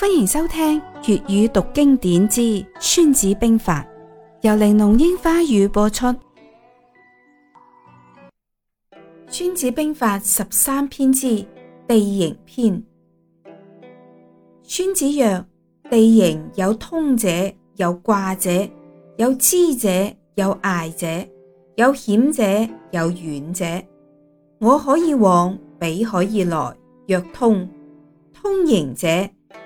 歡迎收聽粵語讀經典之《孫子兵法》，由玲瓏櫻花語播出。《孫子兵法》十三篇之地形篇，孫子曰：地形有通者，有掛者，有支者，有隘者，者，有險者，有遠者。我可以往彼海而來，若通通營者。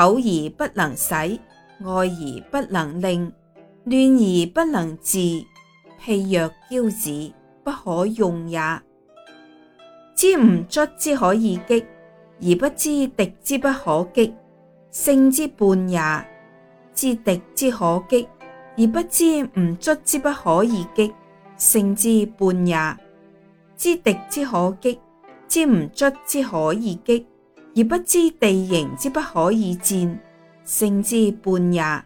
口而不能使，愛而不能令，亂而不能治，譬若驕子，不可用也。知吾卒之可以擊，而不知敵之不可擊，勝之半也；知敵之可擊，而不知吾卒之不可以擊，勝之半也；知敵之可擊，知吾卒之可以擊。而不知地形之不可以戰，勝之半也。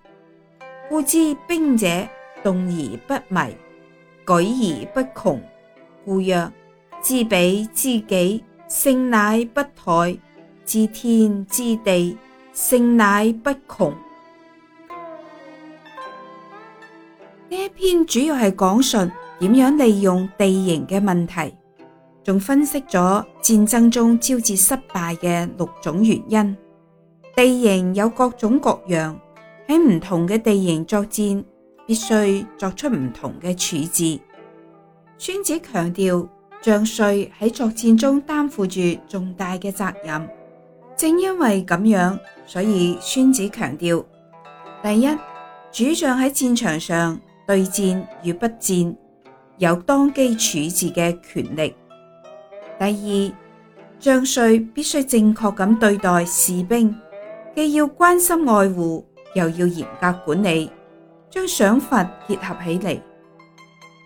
故知兵者，動而不迷，舉而不窮。故曰：知彼知己，勝乃不殆；知天知地，勝乃不窮。呢一篇主要係講述點樣利用地形嘅問題。仲分析咗戰爭中招致失敗嘅六種原因。地形有各種各樣，喺唔同嘅地形作戰，必須作出唔同嘅處置。孫子強調，將帥喺作戰中擔負住重大嘅責任。正因為咁樣，所以孫子強調：第一，主將喺戰場上對戰與不戰，有當機處置嘅權力。第二，將帥必須正確咁對待士兵，既要關心愛護，又要嚴格管理，將賞罰結合起嚟。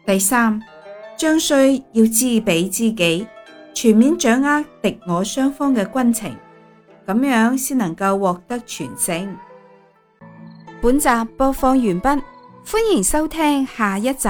第三，將帥要知彼知己，全面掌握敵我雙方嘅軍情，咁樣先能夠獲得全勝。本集播放完畢，歡迎收聽下一集。